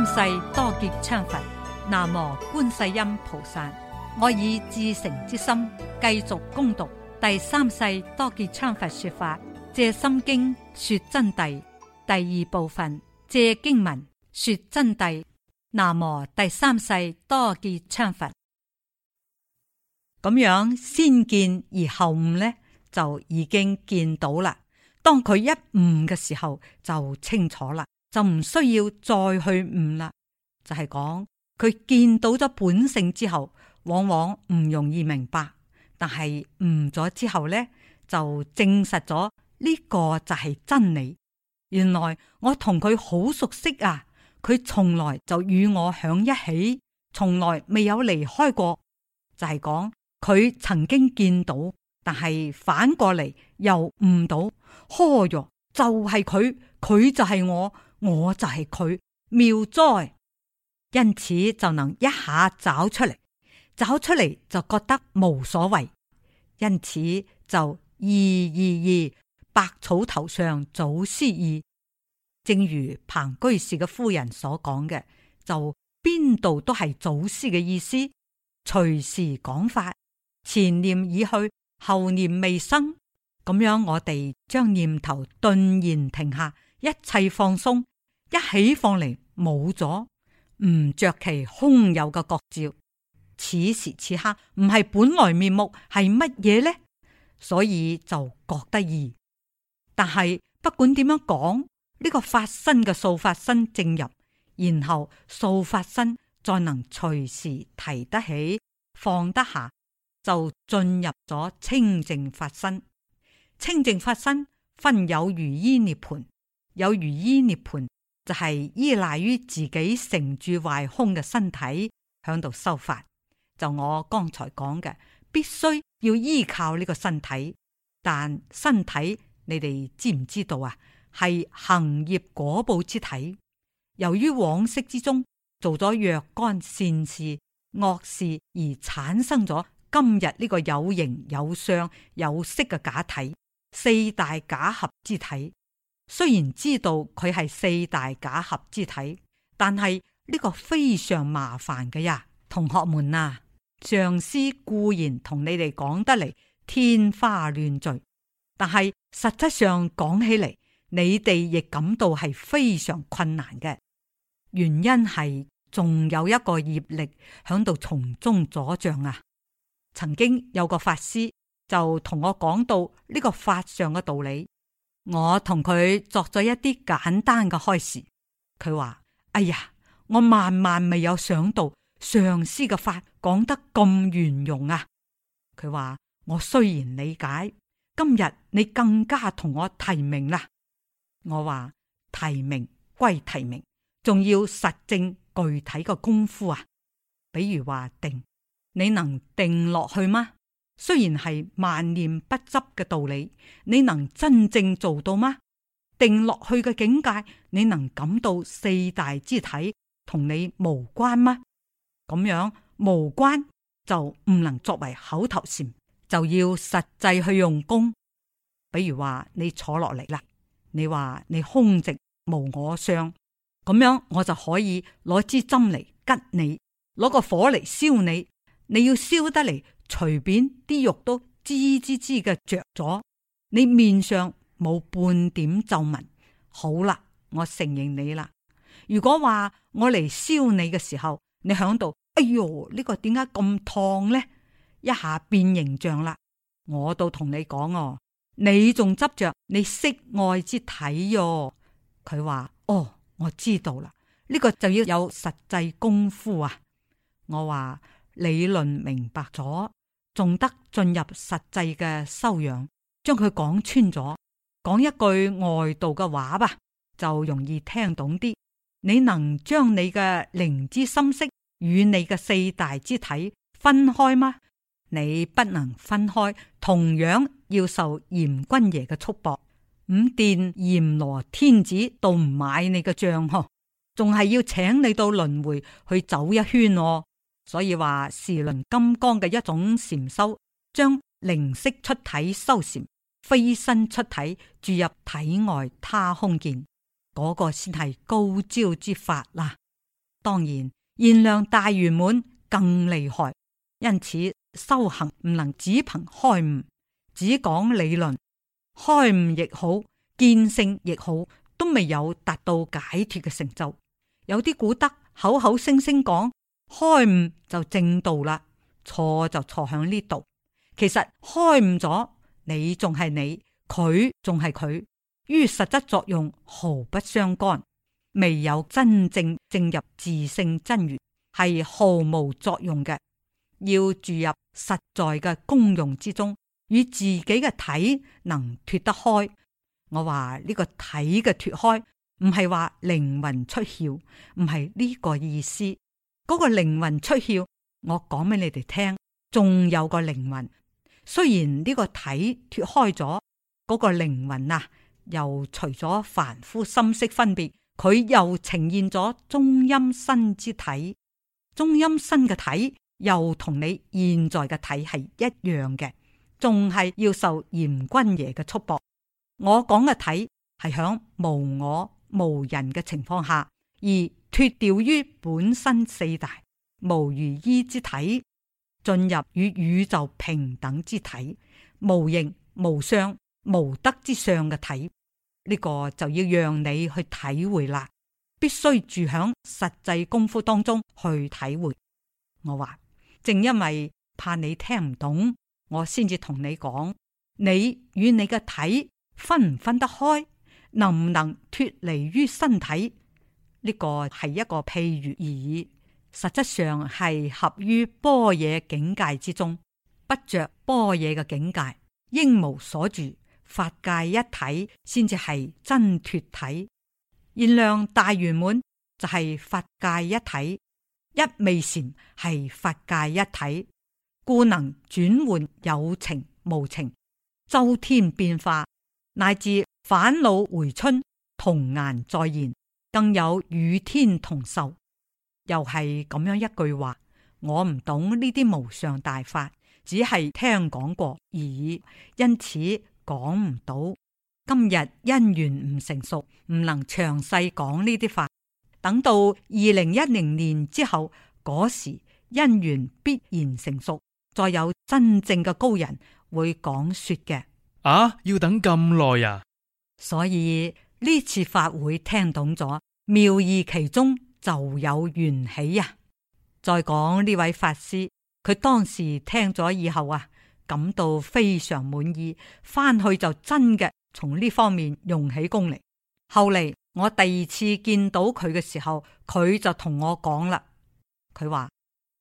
三世多杰羌佛，南無觀世音菩薩。我以至誠之心，繼續恭讀第三世多杰羌佛說法，藉心經說真諦第二部分，藉經文說真諦。南無第三世多杰羌佛。咁樣先見而後悟呢，就已經見到啦。當佢一悟嘅時候，就清楚啦。就唔需要再去悟啦，就係講佢見到咗本性之後，往往唔容易明白，但係悟咗之後呢，就證實咗呢、這個就係真理。原來我同佢好熟悉啊，佢從來就與我響一起，從來未有離開過。就係講佢曾經見到，但係反過嚟又悟到，呵喲就係、是、佢，佢就係我。我就係佢妙哉，因此就能一下找出嚟，找出嚟就覺得無所謂，因此就二二二百草頭上祖師意」，正如龐居士嘅夫人所講嘅，就邊度都係祖師嘅意思，隨時講法，前念已去，後念未生，咁樣我哋將念頭頓然停下，一切放鬆。一起放嚟冇咗，唔着其空有嘅角照。此時此刻唔係本來面目，係乜嘢呢？所以就覺得易。但係不管點樣講，呢、這個法身嘅素法身正入，然後素法身再能隨時提得起、放得下，就進入咗清淨法身。清淨法身分有餘依涅盤，有餘依涅盤。就係依賴於自己成住壞空嘅身體響度修法，就我剛才講嘅，必須要依靠呢個身體。但身體，你哋知唔知道啊？係行業果報之體，由於往昔之中做咗若干善事、惡事，而產生咗今日呢個有形、有相、有色嘅假體，四大假合之體。雖然知道佢係四大假合之體，但係呢個非常麻煩嘅呀，同學們啊！上司固然同你哋講得嚟天花亂墜，但係實質上講起嚟，你哋亦感到係非常困難嘅。原因係仲有一個業力響度從中阻障啊！曾經有個法師就同我講到呢個法相嘅道理。我同佢作咗一啲簡單嘅開示。佢話：哎呀，我萬萬未有想到上司嘅法講得咁圓融啊！佢話：我雖然理解，今日你更加同我提名啦。我話：提名歸提名，仲要實證具體嘅功夫啊！比如話定，你能定落去嗎？雖然係萬念不執嘅道理，你能真正做到嗎？定落去嘅境界，你能感到四大肢體同你無關嗎？咁樣無關就唔能作為口頭禪，就要實際去用功。比如話你坐落嚟啦，你話你空寂無我相，咁樣我就可以攞支針嚟吉你，攞個火嚟燒你，你要燒得嚟。隨便啲肉都滋滋滋嘅着咗，你面上冇半點皺紋。好啦，我承認你啦。如果話我嚟燒你嘅時候，你響度，哎喲，呢個點解咁燙呢？一下變形象啦，我都同你講哦，你仲執着你識外之體喲。佢話哦，我知道啦，呢個就要有實際功夫啊。我話理論明白咗。仲得進入實際嘅修養，將佢講穿咗，講一句外道嘅話吧，就容易聽懂啲。你能將你嘅靈知心識與你嘅四大之體分開嗎？你不能分開，同樣要受閻君爺嘅束縛。五殿閻羅天子都唔買你嘅賬嗬，仲係要請你到輪迴去走一圈哦。所以話時輪金剛嘅一種禪修，將靈識出體修禪，飛身出體注入體外他空見，嗰個先係高招之法啦。當然，現量大圓滿更厲害，因此修行唔能只憑開悟，只講理論，開悟亦好，見性亦好，都未有達到解脫嘅成就。有啲古德口口聲聲講。開悟就正道啦，錯就錯響呢度。其實開悟咗，你仲係你，佢仲係佢，於實質作用毫不相干，未有真正正入自性真如，係毫無作用嘅。要注入實在嘅功用之中，與自己嘅體能脫得開。我話呢個體嘅脫開，唔係話靈魂出竅，唔係呢個意思。嗰個靈魂出竅，我講俾你哋聽，仲有個靈魂。雖然呢個體脱開咗，嗰個靈魂啊，又除咗凡夫心識分別，佢又呈現咗中陰身之體。中陰身嘅體又同你現在嘅體係一樣嘅，仲係要受閻君爺嘅束縛。我講嘅體係響無我無人嘅情況下，而。脫掉於本身四大無如衣之體，進入與宇宙平等之體，無形無相無德之上嘅體，呢個就要讓你去體會啦。必須住響實際功夫當中去體會。我話正因為怕你聽唔懂，我先至同你講，你與你嘅體分唔分得開，能唔能脫離於身體？呢個係一個譬喻而已，實質上係合於般若境界之中，不着般若嘅境界，應無所住，法界一體，先至係真脫體。現量大圓滿就係法界一體，一味禪係法界一體，故能轉換有情無情，周天變化，乃至返老回春，童顏再現。更有與天同壽，又係咁樣一句話。我唔懂呢啲無常大法，只係聽講過而已，因此講唔到。今日因緣唔成熟，唔能詳細講呢啲法。等到二零一零年之後，嗰時因緣必然成熟，再有真正嘅高人會講說嘅。啊，要等咁耐呀？所以。呢次法會聽懂咗，妙義其中就有緣起呀、啊。再講呢位法師，佢當時聽咗以後啊，感到非常滿意，翻去就真嘅從呢方面用起功力。後嚟我第二次見到佢嘅時候，佢就同我講啦，佢話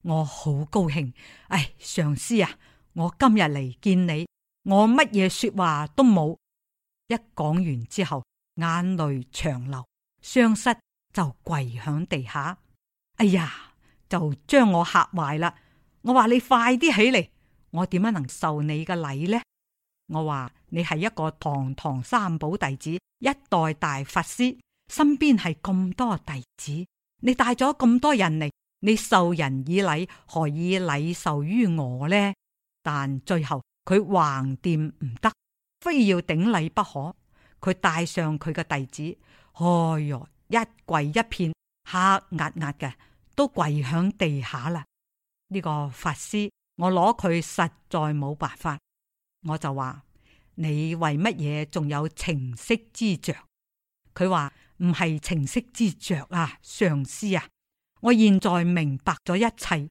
我好高興，唉、哎，上師啊，我今日嚟見你，我乜嘢說話都冇，一講完之後。眼淚長流，傷失就跪響地下。哎呀，就將我嚇壞啦！我話你快啲起嚟，我點樣能受你嘅禮呢？我話你係一個堂堂三寶弟子，一代大法師，身邊係咁多弟子，你帶咗咁多人嚟，你受人以禮，何以禮受於我呢？但最後佢橫掂唔得，非要頂禮不可。佢帶上佢嘅弟子，哎喲，一跪一片黑壓壓嘅，都跪響地下啦。呢個法師，我攞佢實在冇辦法，我就話你為乜嘢仲有情色之着？佢話唔係情色之着啊，上師啊，我現在明白咗一切，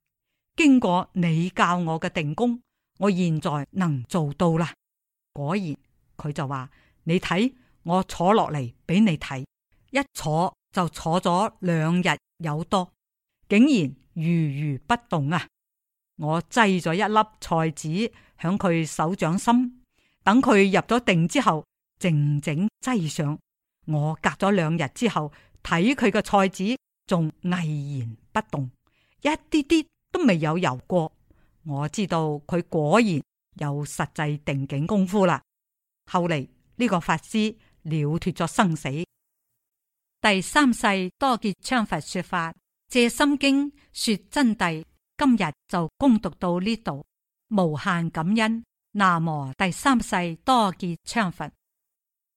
經過你教我嘅定功，我現在能做到啦。果然，佢就話。你睇，我坐落嚟俾你睇，一坐就坐咗兩日有多，竟然如如不動啊！我擠咗一粒菜籽響佢手掌心，等佢入咗定之後，靜靜擠上。我隔咗兩日之後睇佢嘅菜籽，仲毅然不動，一啲啲都未有游過。我知道佢果然有實際定境功夫啦。後嚟。呢個法師了脱咗生死。第三世多杰羌佛說法《藉心經》說真諦，今日就恭讀到呢度，無限感恩。南無第三世多杰羌佛。